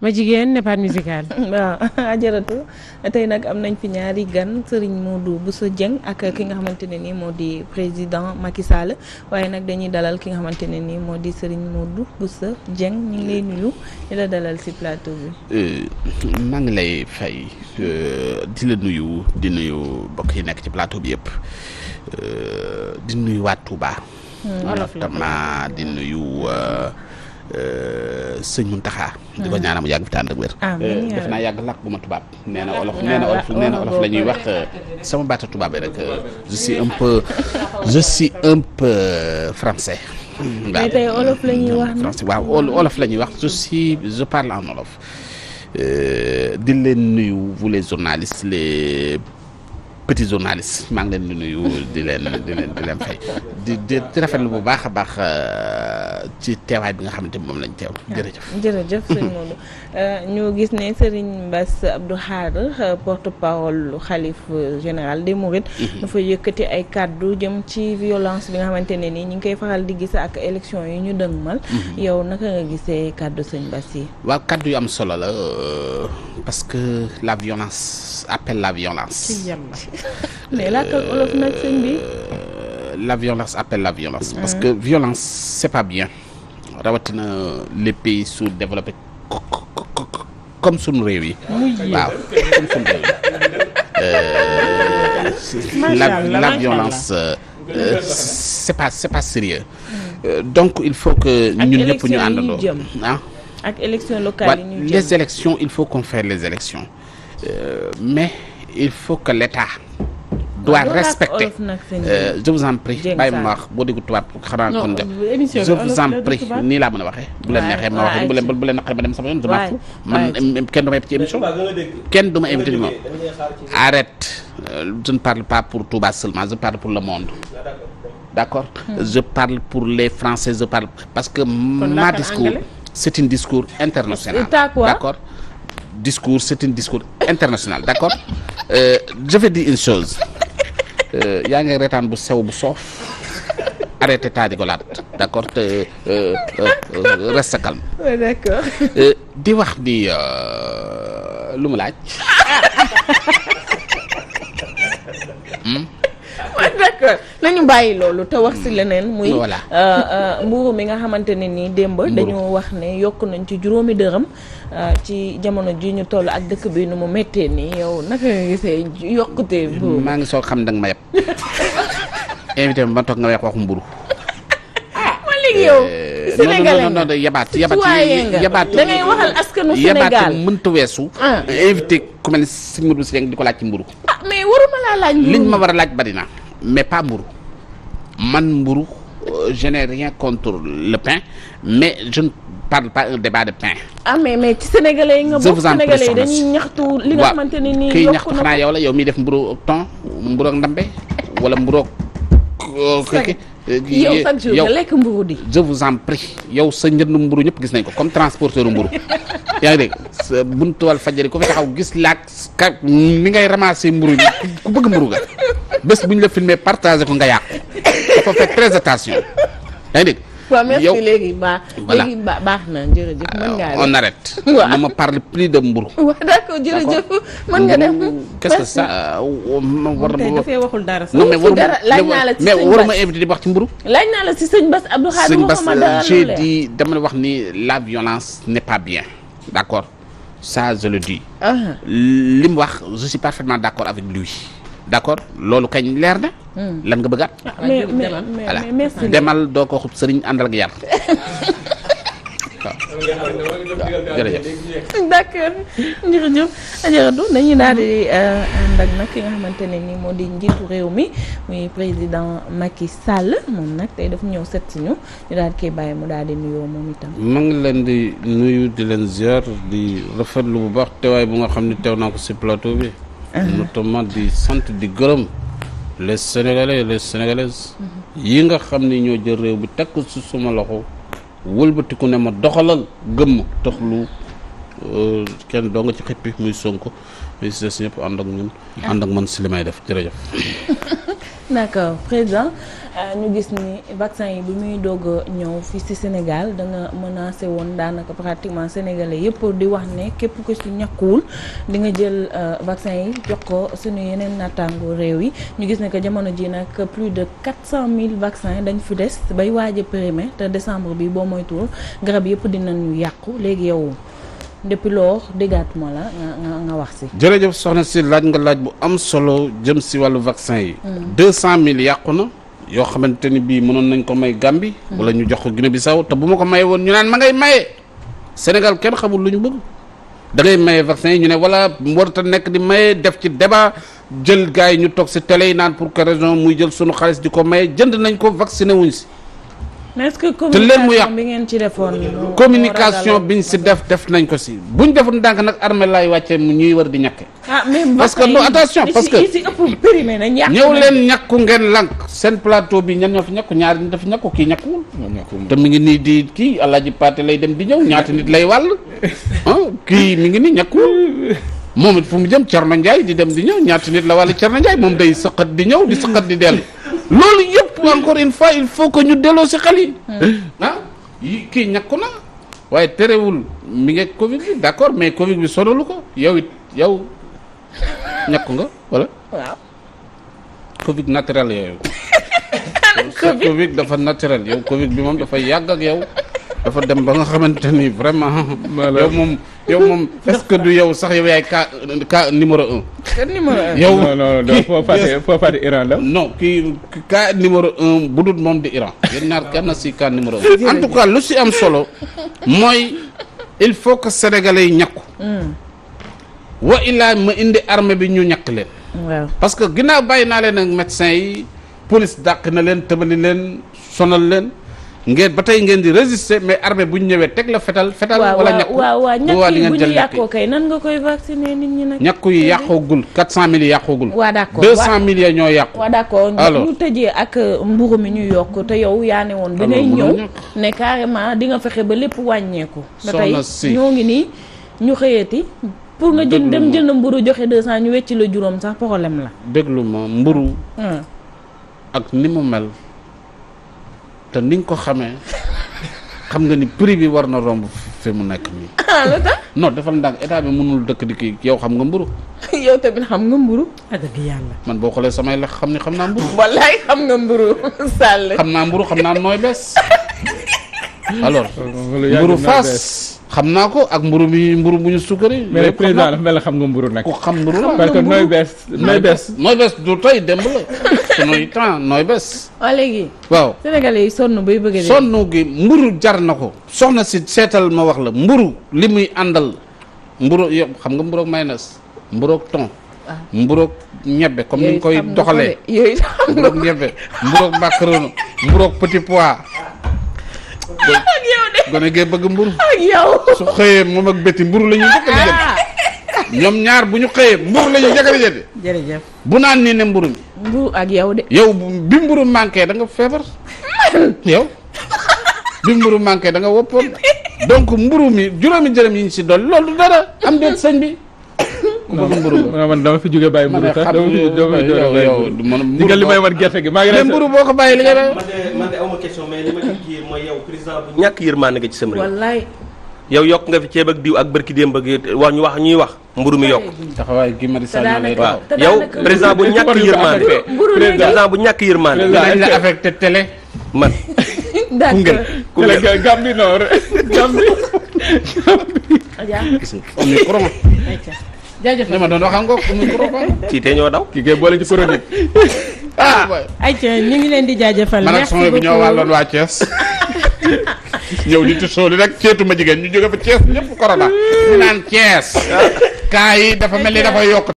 ma jigéen ne paat waaw ajaratu tey nag am nañ fi ñaari gan sëriñ Modou Bousso Dieng ak ki nga xamante ne nii moo di président Macky Sall waaye nag dañuy dalal ki nga xamante ne nii moo di sëriñ Modou Bousso Dieng ñu ngi lay nuyu di la dalal si plateau bi. Euh, maa ngi lay fay euh, di la nuyu di nuyu mbokk yi nekk ci plateau bi yëpp euh, hmm. di nuyu waa Touba. wala di nuyu. sëñ Muntaxa di ko ñaanal mu yàgg fi tànn ak wér eh, def naa yàgg làkk bu ma tubaab nee olof nee olof nee la ñuy wax eh, sama baata tubaab yi rek eh, je suis un peu je suis un peu français hmm. waaw tey olof la ñuy wax français waaw olof je parle en olof di leen nuyu vous les journalistes petit journaliste maa ngi leen di nuyu di leen di leen di di di rafetlu bu baax a baax euh, ci teewaay bi nga xamante ni moom lañ teew ah, jërëjëf. jërëjëf sëñ Modou euh, ñoo gis ne Serigne Mbass Abdou Khadre euh, porte parole xalif général des Mourides. Mhm. dafa yëkkati ay kàddu jëm ci violence bi nga xamante ne nii ñu ngi koy faral di gis ak élection yi ñu dëgmal. Mhm. yow naka nga gisee kàddu sëñ Mbass yi. waaw kàddu yu am solo la parce que la violence appelle la violence. mais euh, la violence appelle la violence. parce que violence c'est pas bien. rawatina les pays sous-développés comme sunu réew yi. waaw comme sunu réew yi. Euh, la violence. Euh, c'est pas sérieux. donc il faut que ñun ñëpp ñu àndandoo ah. ak élections locales les élections il faut qu'on fasse les élections mais il faut que l'État doit respecter euh, je vous en prie bàyyi ma wax boo déggu tubaab xanaa kon jot euh, je vous en prie nii laa mën a waxee bu leen neexee ma waxee bu bu leen naqaree ma dem sama euh, kenn duma ma yeb ci émission kenn du ma invité moom je ne parle pas pour Touba seulement je parle pour le monde ah, d'accord hmm. je parle pour les Français je parle parce que ma discours c'est un discours international d'accord discours c'est un discours international d'accord je vais une chose Euh, yaa ngi reetaan bu sew bu soof arrêté ta rigolade d'accord te euh, euh, reste calme. d'accord. di wax ni lu mu laaj. Hmm? nag nañu bàyyi loolu te wax si leneen. muy euh, euh, mbuuru mi nga xamante ne nii démb. dañoo wax ne yokk nañ ci juróomi dërëm. Euh, ci jamono ji ñu toll ak dëkk bi nu mu méttee nii yow naka nga gisee yokkutee. maa ngi soog xam danga ma yeb. invité ma toog nga wax waxu mburu ah, ma léegi yow. Eh, sénégalais non yabaat yabaat da waxal askanu Sénégal mënta weesu. Ah. invité ku mel si sëñ Modou Sy di ko laaj ci mburu ah mais waruma laa laaj mburu liñ ma war a laaj bari na. mais pas mburu man mburu euh, je n'ai rien contre le pain mais je ne parle pas un débat de pain. ah mais mais ci sénégalais yi nga bokk sénégalais yi dañuy ñaxtu li nga xamante ne nii. yokku na xanaa yow la yow miy def mburu ak thon mburu ak ndambe wala mburu Eh, yow chaque jour nga lekk mburu di je vous en prie yow sa njënd mburu ñëpp gis nañ ko comme transporteur mburu yaa ngi dégg sa buntu wal fajari ku fi taxaw gis laag ka ni ngay ramasser mburu bi ku bëgg mburu ga bés bu ñu la filmer partagé ko nga yàqu il faut faire très attention waaw merci léegi baax léegi baax na jërëjëf mën ngaa euh, on arrête ne me plus de mburu waaw nga euh, waxul dara sax dara laaj naa la wax ci mburu laaj naa la si sëñ Bass Abdou wax ni la violence n'est pas bien d'accord ça ah. li mu wax je suis parfaitement d'accord avec lui d'accord loolu kañ leer na Hmm. lan nga bëggaat. Ah, mais demal doo ko xub sëriñ àndal ak yar. waaw jërëjëf d'accord dañuy daal di euh, ànd ak nag ki nga xamante ne ni moo di njiitu réew mi muy président Macky Sall moom nag tey daf ñëw set si ñu ñu daal koy bàyyi mu daal di nuyoo moom itam. ma ngi leen di nuyu di leen ziar di rafetlu bu baax teewaay bu nga xam ne teew naa ko si plateau bi. Ah. notamment di sant di gërëm. les sénégalais les sénégalaises yi nga xam ne ñoo jël réew bi takk su suma loxo wëlbatiku ne ma doxalal gëmm tax lu euh, kenn doo nga ci xippi muy Sonko muy si des ànd ak ñun ànd ak man si def may def d'accord euh, président euh, ñu gis ni vaccin yi bi muy doog a ñëw fii ci Sénégal da nga menacé woon daanaka pratiquement sénégalais yëpp di wax ne képp ko ci ñàkkuwul di nga jël euh, vaccin yi jox ko suñu yeneen nattaango réew yi ñu gis ne que jamono ji nag plus de cent mille vaccins dañ fi des bay waaj a périmé te décembre bi boo moytuwul garab yëpp ñu yàqu léegi yow. depuis lors déggatuma la nga nga wax si. jërëjëf soxna si laaj nga laaj bu am solo jëm si wàllu vaccin yi. 200000 hmm. yàqu na. yoo xamante ni bii mënoon nañ ko may gàmbi hmm. wala ñu jox ko Guinée Bissau te bu ma ko mayee woon ñu naan ma ngay maye. Sénégal kenn xamul lu ñu bëgg. da maye vaccin yi ñu ne wala warta nekk di maye def ci débat jël gars yi ñu toog si télé yi naan pour que raison muy jël sunu xaalis di ko maye jënd nañ ko vacciné wuñ si. mais est-ce que communication bi ngeen ci defoon euh, euh, communication biñ si def def nañ ko si buñ defoon ndànk nag armée laay wàccee ñuy war di ñàkke ah mais parce que non attention parce que ñëw leen ñàkku ngeen lànk seen plateau bi ñan ñoo fi ñàkku ñaar nit dafa ñàkku kii ñàkkuwul te mi ngi nii di kii Alaaji Paate lay dem di ñëw ñaata nit lay wàll ah, kii mi ngi nii ñàkkuwul moom it fu mu jëm Cerno Njaay di dem di ñëw ñaata nit la wàll Cerno Njaay moom day sëqat di ñëw di sëqat di dellu loolu yëpp encore une fois il faut ñu delloo si xal yi hmm. ah kii ñàkku na waaye terewul mi ngi covid bi d'accord mais covid bi sonalu ko yow it yow ñàkku nga wala waaw covid naturel yooyu covid dafa naturel yow bi moom dafa yàgg ak yow dafa dem ba nga xamante ni vraiment yow moom yow moom est-ce que du yow sax yow yaay cas cas numéro un kan numéro yow foo fàtte foo Iran la. non kii cas numéro un bu dul moom di Iran. yéen kenn si cas numéro en tout cas lu si am solo mooy il faut que sénégalais yi ñàkku. Hmm. wa illaa ma indi armée bi ñu ñàkk leen. parce que ginnaaw bàyyi naa leen ak médecins yi police dàq na leen tëbali leen sonal leen. ngeen ba tey ngeen di résister mais armée bu ñu ñëwee teg la fetal fetal wala ñàkku waaw waaw ñàkk yi bu ñu yàqoo kay nan nga koy vacciner nit ñi nag ñàkku yi yàqoogul quatre cent mille yàqoogul waaw d'accord deux cent mille ñoo yàqu waaw d'accord alors ñu tëjee ak euh, mburu mi ñu yokk te yow yaa ne woon bi ngay ñëw ne carrément di nga fexe ba lépp wàññeeku ba tey ñoo ngi nii ñu xëyati pour nga jën dem jënd mburu joxe deux cent ñu wecci la juróom sax problème la déglu ma mburu ak ni mu mel te niñ ko xamee xam nga ni prix bi war na romb fi mu nekk nii. ah la tax defal ndànk état bi mënul dëkk di kii yow xam nga mburu yow tamit xam nga mburu ah dëgg man boo xoolee samay lekk xam ni xam naa mburu wallaay xam nga mburu Sall. xam naa mburu xam naa nooy bees. alors oh, mburu faas xam naa ko ak mburu mi mburu bu ñu sukkari. mais président xam nga mburu nag. ku xam mburu la nooy bees. nooy bees du tey démb la. sunuy temps nooy bés. waaw léegi. waaw sénégalais yi sonn bay bëgg sonn gi mburu jar na ko. soxna si seetal ma wax la mburu li muy àndal mburu yow xam nga mburu ak mayonnaise mburu ak thon. Ah. mburu ak ñebbe comme ni ñu koy doxalee. yooyu xam nga mburu ak ñebbe mburu ak macaroni mburu ak petit pois. gone gee bëgg mburu ak yow. su xëyee moom ak béti mburu la ñuy bëgg ñoom ñaar bu ñu xëyee mbur la ñuy jëkkërëjëte. jërëjëf bu naan nii ne mburu mi. mburu ak yow de. yow bi mburu manqué da nga feebar yow bi mburu manqué da nga woppoon donc mburu mi juróomi jërëm yi ñu si dool loolu dara am déet sëñ bi. non man dama fi jóge bàyyi mburu tax dama fi jóge yow di nga li gerte gi maa ngi lay mburu boo ko bàyyi li nga man de awma question mais li ma ci mooy yow bu ñàkk yërmande nga ci sam réew yow yokk nga fi ceeb ak diw ak bërki démb ak wax ñuy wax mburu mi yokk taxawaay gi mari sa lay bu ñàkk yërmande président bu ñàkk yërmande nga micro ma jaajëf dama doon wax ñoo daw kii ah. ñu ngi leen di jaajëfal man ak sama bi ñoo wàlloon waa ñëw di tisóoli rek ceetu ma jigéen ñu jóge fa Thiès ñëpp corona ñu naan Thiès ah. cas yi dafa mel ni dafa yokk